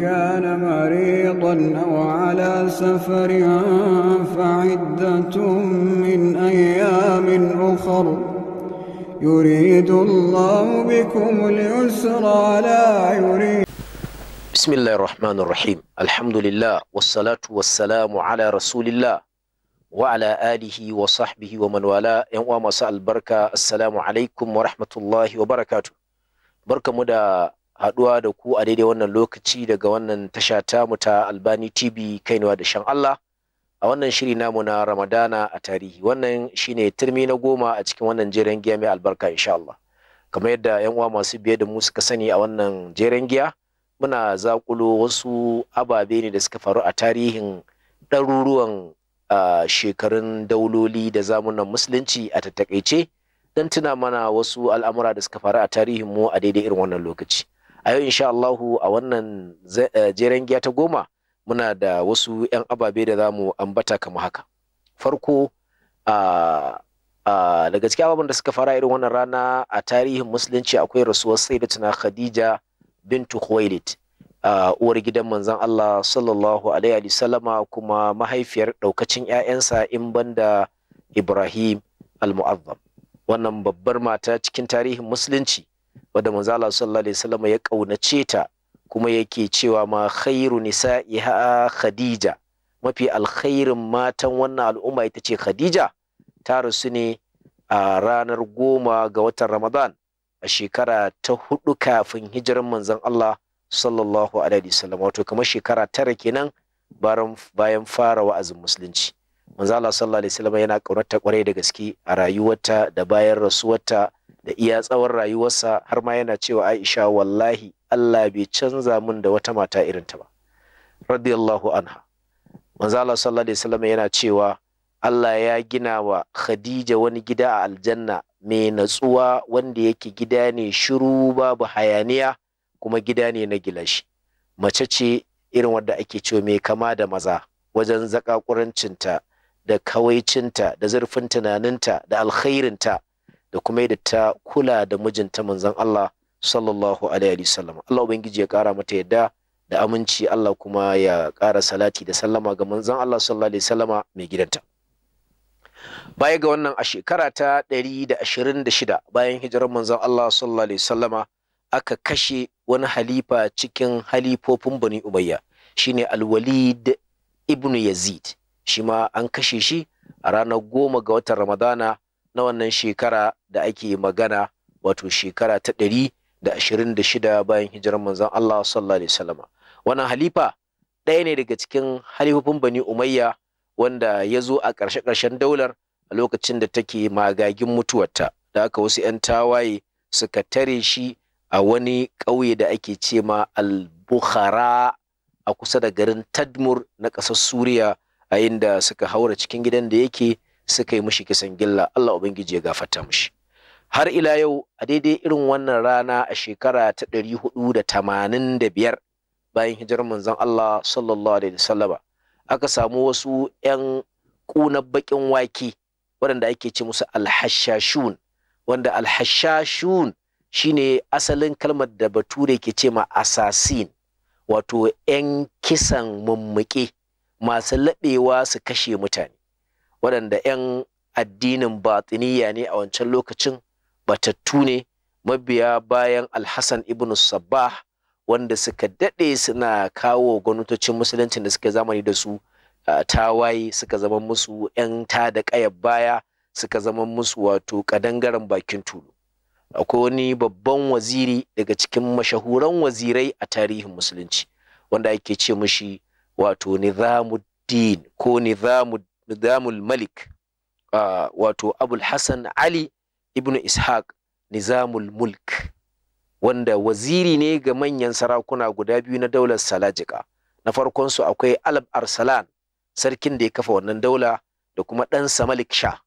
كان مريضا أو على سفر فعدة من أيام أخر يريد الله بكم اليسر لا يريد بسم الله الرحمن الرحيم الحمد لله والصلاة والسلام على رسول الله وعلى آله وصحبه ومن والاه ومساء البركة السلام عليكم ورحمة الله وبركاته بركة مدى haɗuwa da ku a daidai wannan lokaci daga wannan tasha tamu ta Albani TV kainuwa da shan Allah a wannan shiri namu na Ramadana a tarihi wannan shine turmi na goma a cikin wannan jeren giya mai albarka insha Allah kamar yadda yan uwa masu biye da mu suka sani a wannan jeren giya muna zakulo wasu ababe ne da suka faru a tarihin ɗaruruwan shekarun dauloli da zamunan musulunci a tattakaice don tuna mana wasu al'amura da suka faru a tarihin mu a daidai irin wannan lokaci a yau insha Allahu a wannan eh, jeren giya ta goma muna da wasu 'yan ababe da za mu ambata kama haka farko daga cikin ababen da suka fara irin wannan rana a tarihin musulunci akwai rasuwar sayyidatuna khadija bintu khuwailid uwar gidan manzan Allah sallallahu alaihi salama kuma mahaifiyar daukacin 'ya'yansa in banda Ibrahim al-Mu'azzam wannan babbar mata cikin tarihin musulunci wadda manzo sallallahu alaihi wasallam ya kaunace ta kuma yake cewa ma khairu nisa'iha khadija mafi alkhairin matan wannan al'umma ita ce khadija ta rasu ne a ranar goma ga watan ramadan a shekara ta hudu kafin hijiran manzon Allah sallallahu alaihi wasallam wato kamar shekara tara kenan bayan fara wa'azin musulunci manzo Allah sallallahu alaihi wasallam yana kaunarta kwarai da gaske a rayuwarta da bayan rasuwarta da iya tsawon rayuwarsa har ma yana cewa Aisha wallahi Allah bai canza mun da wata mata irin ta ba radiyallahu anha manzo Allah sallallahu alaihi wasallam yana cewa Allah ya gina wa Khadija wani gida a aljanna mai natsuwa wanda yake gida ne shiru babu hayaniya kuma gida ne na gilashi mace ce irin wadda ake cewa mai kama da maza wajen zakakurancinta da kawaicinta da zurfin tunaninta da alkhairinta da kuma yadda ta kula da mijinta manzon Allah sallallahu alaihi wasallam Allah ubangiji ya kara mata yadda da aminci Allah kuma ya kara salati da sallama ga manzon Allah sallallahu alaihi wasallama mai gidanta baya ga wannan a shekara ta 126 bayan hijirar manzon Allah sallallahu alaihi wasallama aka kashe wani halifa cikin halifofin Bani Umayya shine Al-Walid ibn Yazid shi ma an kashe shi a ranar goma ga watan ramadana na wannan shekara da ake magana wato shekara ta ɗari da ashirin da shida bayan hijirar manzan Allah sallallahu alaihi wasallama wannan halifa ɗaya ne daga cikin halifofin bani umayya wanda ya zo a ƙarshe ƙarshen daular a lokacin da take magagin mutuwarta da aka wasu 'yan tawaye suka tare shi a wani ƙauye da ake ce ma al a kusa da garin tadmur na ƙasar suriya a inda suka haura cikin gidan da yake suka yi mushi kisan gilla Allah ubangiji ya gafarta mushi har ila yau a daidai irin wannan rana a shekara ta ɗari hudu da tamanin da biyar bayan hijirar manzon Allah sallallahu alaihi wasallama aka samu wasu 'yan ƙunar baƙin wake waɗanda ake ce musu alhashashun wanda alhashashun shine asalin kalmar da bature ke ce ma assassin wato 'yan kisan mummuke masu laɓewa su kashe mutane waɗanda 'yan addinin batiniya ne a wancan lokacin batattu ne mabiya bayan alhassan ibn sabbah wanda suka daɗe suna kawo gwamnatocin Musulunci da suka zamani da su tawaye suka zama musu 'yan ta da ƙayar baya suka zama musu wato ƙadangaren bakin tulu akwai wani babban waziri daga cikin mashahuran wazirai a tarihin musulunci wanda ake ce mushi wato nizamuddin ko nizamul malik wato abul hassan ali ibn ishaq nizamul mulk wanda waziri ne ga manyan sarakuna guda biyu na daular salajika na farkonsu akwai alab arsalan sarkin da ya kafa wannan daula da kuma ɗansa malik sha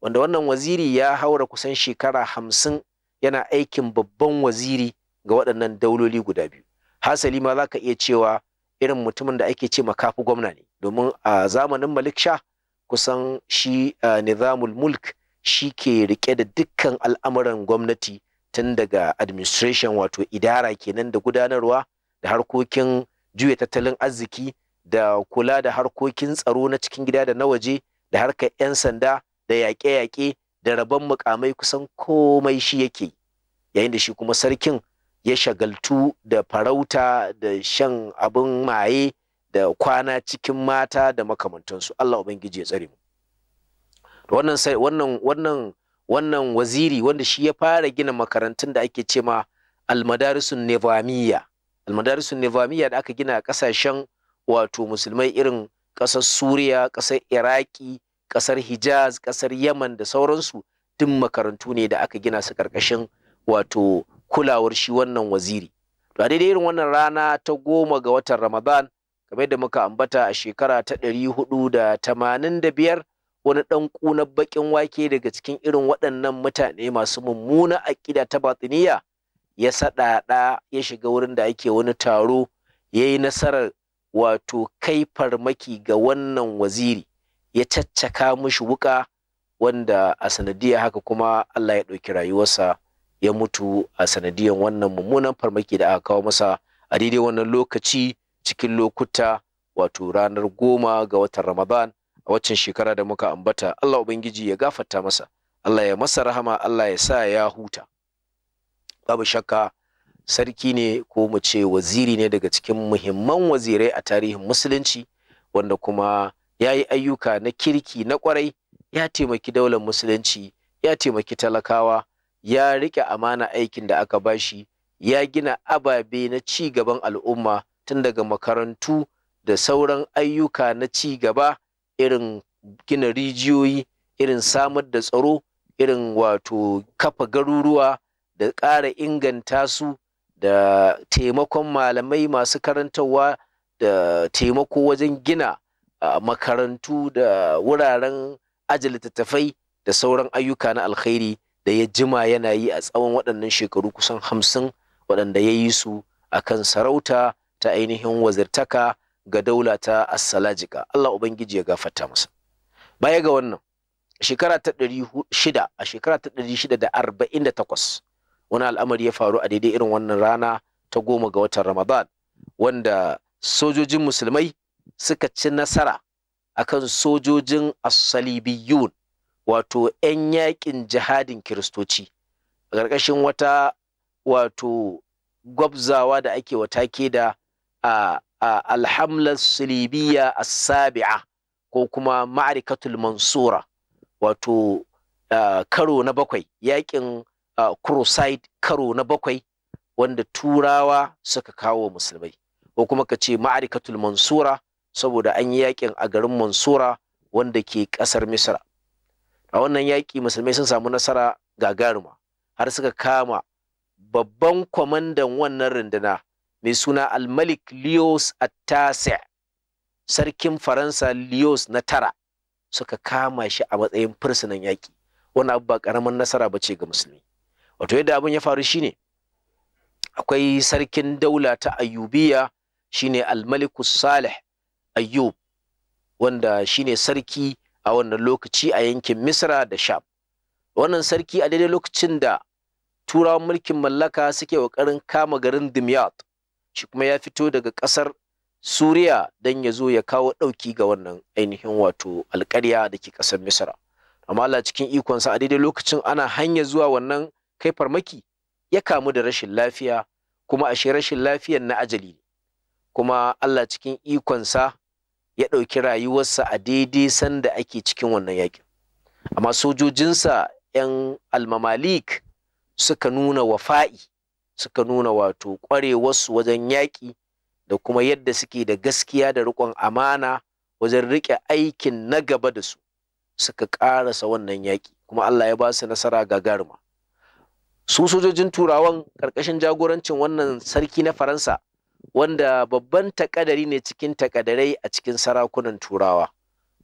wanda wannan waziri ya haura kusan shekara hamsin yana aikin babban waziri ga waɗannan dauloli guda biyu hasali ma za ka iya cewa irin mutumin da ake ce makafi gwamna ne domin a zamanin malik sha kusan shi eh, nizamul mulk shi ke rike da dukkan al'amuran gwamnati tun daga administration wato idara kenan da gudanarwa da harkokin juya tattalin arziki da kula da harkokin tsaro na cikin gida da na waje da harkar 'yan sanda da yaƙe-yaƙe da rabon mukamai kusan komai shi yake yayin da shi kuma sarkin ya shagaltu da farauta da shan abin maye da kwana cikin mata da makamantansu Allah ubangiji ya tsare mu wannan wannan waziri wanda shi ya fara gina makarantun da ake cema almadarisun nevamiya almadarisun nevamiya da aka gina a kasashen wato musulmai irin ƙasar suriya ƙasar iraki ƙasar hijaz ƙasar yaman da sauransu duk makarantu ne da aka gina su ƙarƙashin wato kulawar shi wannan waziri to a daidai irin wannan rana ta goma ga watan ramadan kamar da muka ambata a shekara ta ɗari hudu da tamanin da biyar wani ɗan ƙunar baƙin wake daga cikin irin waɗannan mutane masu mummuna a ƙida ta batiniya ya saɗaɗa ya shiga wurin da ake wani taro ya yi nasarar wato kai farmaki ga wannan waziri ya caccaka mushi wuƙa wanda a sanadiyar haka kuma Allah ya ɗauki rayuwarsa ya mutu a sanadiyar wannan mummunan farmaki da aka kawo masa a daidai wannan lokaci cikin lokuta wato ranar goma ga watan ramadan a waccan shekara da muka ambata allah ubangiji ya gafarta masa allah ya masa rahama allah ya sa ya huta babu shakka sarki ne ko mu ce waziri ne daga cikin muhimman wazirai a tarihin musulunci wanda kuma ya yi ayyuka na kirki na kwarai ya taimaki daular musulunci ya taimaki talakawa ya riƙe amana aikin da aka bashi ya gina ababe na ci gaban al'umma tun daga makarantu da sauran ayyuka na ci gaba irin gina rijiyoyi irin samar da tsaro irin wato kafa garuruwa da ƙara inganta su da taimakon malamai masu karantarwa da taimako wajen gina makarantu da wuraren aji littattafai da sauran ayyuka na alkhairi da ya jima yana yi a tsawon waɗannan shekaru kusan hamsin waɗanda ya yi su a kan sarauta ta ainihin wazirtaka ga daula ta assalajika Allah Ubangiji ya gafarta masa baya ga wannan shekara ta ɗari shida a shekara ta ɗari shida da arba'in da takwas wani al'amari ya faru a daidai irin wannan rana ta goma ga watan ramadan wanda sojojin musulmai suka ci nasara akan sojojin asalibiyun wato 'yan yaƙin jihadin kiristoci a ƙarƙashin wata wato gwabzawa da ake watake da a alhamlar sulibiya a sabi'a ko kuma ma'arikatul mansura wato karo na bakwai yakin crusade karo na bakwai wanda turawa suka kawo musulmai ko kuma ka ce ma'arikatul mansura saboda an yi yakin a garin mansura wanda ke ƙasar misra a wannan yaƙi musulmai sun samu nasara gagaruma har suka kama babban kwamandan wannan runduna mai suna almalik leos attase sarkin faransa leos na tara suka kama shi a matsayin fursunan yaƙi wani abu ba ƙaramin nasara ba ce ga musulmi wato yadda abin ya faru shine akwai sarkin daula ta Ayubiya, shine almaliku salih ayyub wanda shine sarki a wannan lokaci a yankin misra da sham wannan sarki a daidai lokacin da turawan mulkin mallaka suke ƙoƙarin kama garin dimyat shi kuma ya fito daga ƙasar suriya don ya zo ya kawo ɗauki ga wannan ainihin wato alƙarya da ke ƙasar misra amma Allah cikin ikonsa a daidai lokacin ana hanya zuwa wannan kai farmaki ya kamu da rashin lafiya kuma ashe rashin lafiyar na ajali ne kuma Allah cikin ikonsa ya ɗauki rayuwarsa a daidai sanda ake cikin wannan yaƙin. amma sojojinsa 'yan almamalik suka nuna wafa'i suka nuna wato ƙwarewarsu wajen yaƙi da kuma yadda suke da gaskiya da riƙon amana wajen riƙe aikin na gaba da su suka ƙarasa wannan yaƙi kuma Allah ya ba su nasara gagaruma su sojojin turawan ƙarƙashin jagorancin wannan sarki na faransa wanda babban takadari ne cikin takadarai a cikin sarakunan turawa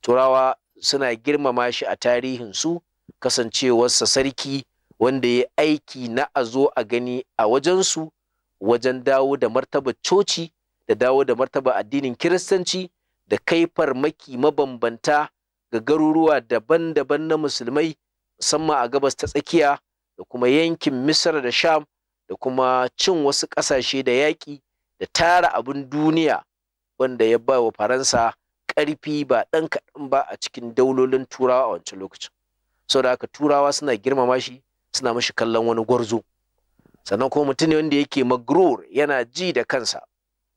turawa suna girmama shi a tarihinsu kasancewarsa sarki wanda ya aiki na a zo a gani a wajensu wajen dawo da martaba coci da dawo da martaba addinin kiristanci da kai farmaki mabambanta ga garuruwa daban-daban na musulmai musamman a gabas ta tsakiya da kuma yankin misra da sham da kuma cin wasu ƙasashe da yaƙi da tara abin duniya wanda ya ba wa faransa ƙarfi ba ɗan kaɗan ba a cikin daulolin turawa a wancan lokacin saboda haka turawa suna girmama shi suna mashi kallon wani gwarzo sannan kuma mutum ne wanda yake magrur yana ji da kansa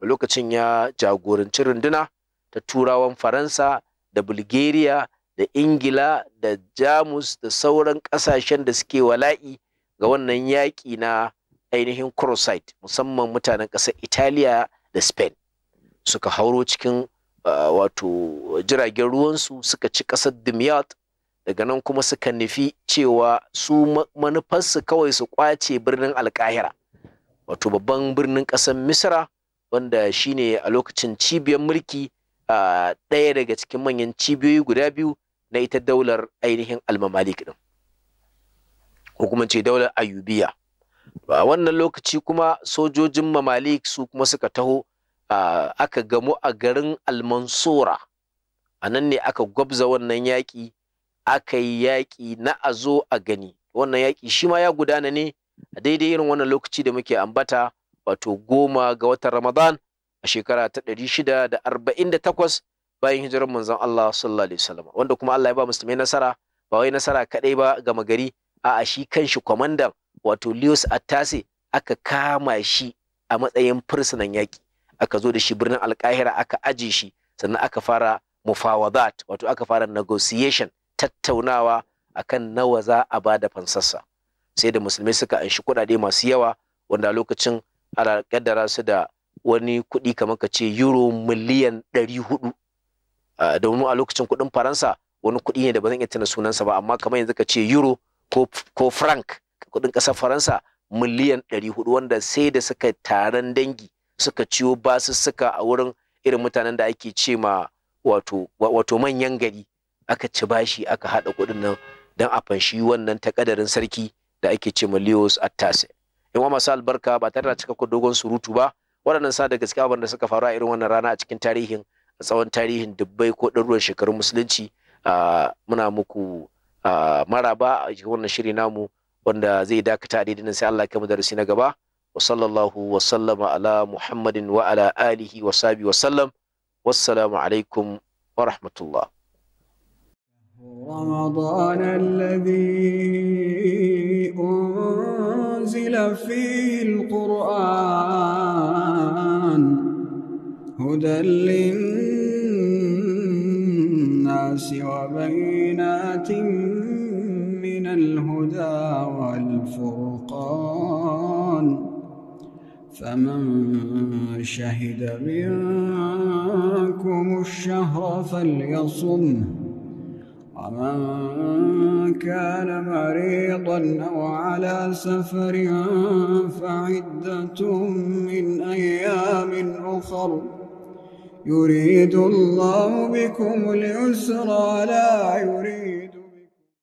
a lokacin ya jagoranci runduna ta turawan faransa da bulgaria da ingila da jamus da sauran ƙasashen da suke wala'i ga wannan yaƙi na ainihin crusade musamman mutanen ƙasar italiya da spain suka hauro cikin wato jiragen ruwansu suka ci ƙasar dimyat daga nan kuma suka nufi cewa su manufarsu kawai su kwace birnin alkahira wato babban birnin ƙasar misra wanda shine a lokacin cibiyar mulki ɗaya daga cikin manyan cibiyoyi guda biyu na ita daular ainihin almamalik ɗin ko daular ayubiya a wannan lokaci kuma sojojin mamalik su kuma suka taho aka gamu a garin almansura a nan ne aka gwabza wannan yaƙi aka yi yaƙi na a zo a gani wannan yaƙi shi ma ya gudana ne a daidai irin wannan lokaci da muke ambata wato goma ga watan ramadan a shekara ta ɗari shida da arba'in da takwas bayan hijirar manzon Allah sallallahu alaihi wasallam wanda kuma Allah ya ba musulmai nasara ba wai nasara kaɗai ba gama gari a'a shi kanshi kwamandan wato Lewis Attase aka kama shi a matsayin fursunan yaƙi aka zo da shi birnin alƙahira aka aje shi sannan aka fara mufawadat wato aka fara negotiation tattaunawa akan nawa za a ba da fansassa sai da musulmai suka anshi kuɗaɗe masu yawa wanda lokacin ana su da wani kuɗi kamar ka ce euro miliyan ɗari hudu ah, domin a lokacin kuɗin faransa wani kuɗi ne da ba zan iya tuna sunansa ba amma kamar yanzu ka ce euro ko frank. kudin kasar faransa miliyan 400 wanda sai da suka taron dangi suka ciwo suka a wurin irin mutanen da ake ce ma wato manyan gari aka ci bashi aka haɗa kuɗin nan don a fanshi wannan takadarin sarki da ake ce ma Leos Attase. in wa masu albarka ba tare da cika ku dogon surutu ba waɗannan sa da gaskiya wanda suka faru a irin wannan rana a cikin tarihin tsawon tarihin dubbai ko ɗaruruwar shekarun musulunci ah, muna muku ah, maraba a wannan shiri namu wanda zai dakata da nan sai Allah ya kama darasi na gaba wa sallallahu wa sallama ala muhammadin wa ala alihi wa sabi wa sallam wassalamu alaikum wa rahmatullah رمضان الذي أنزل فيه القرآن هدى للناس وبينات الهدى والفرقان فمن شهد منكم الشهر فليصم ومن كان مريضا أو على سفر فعدة من أيام أخر يريد الله بكم اليسر لا يريد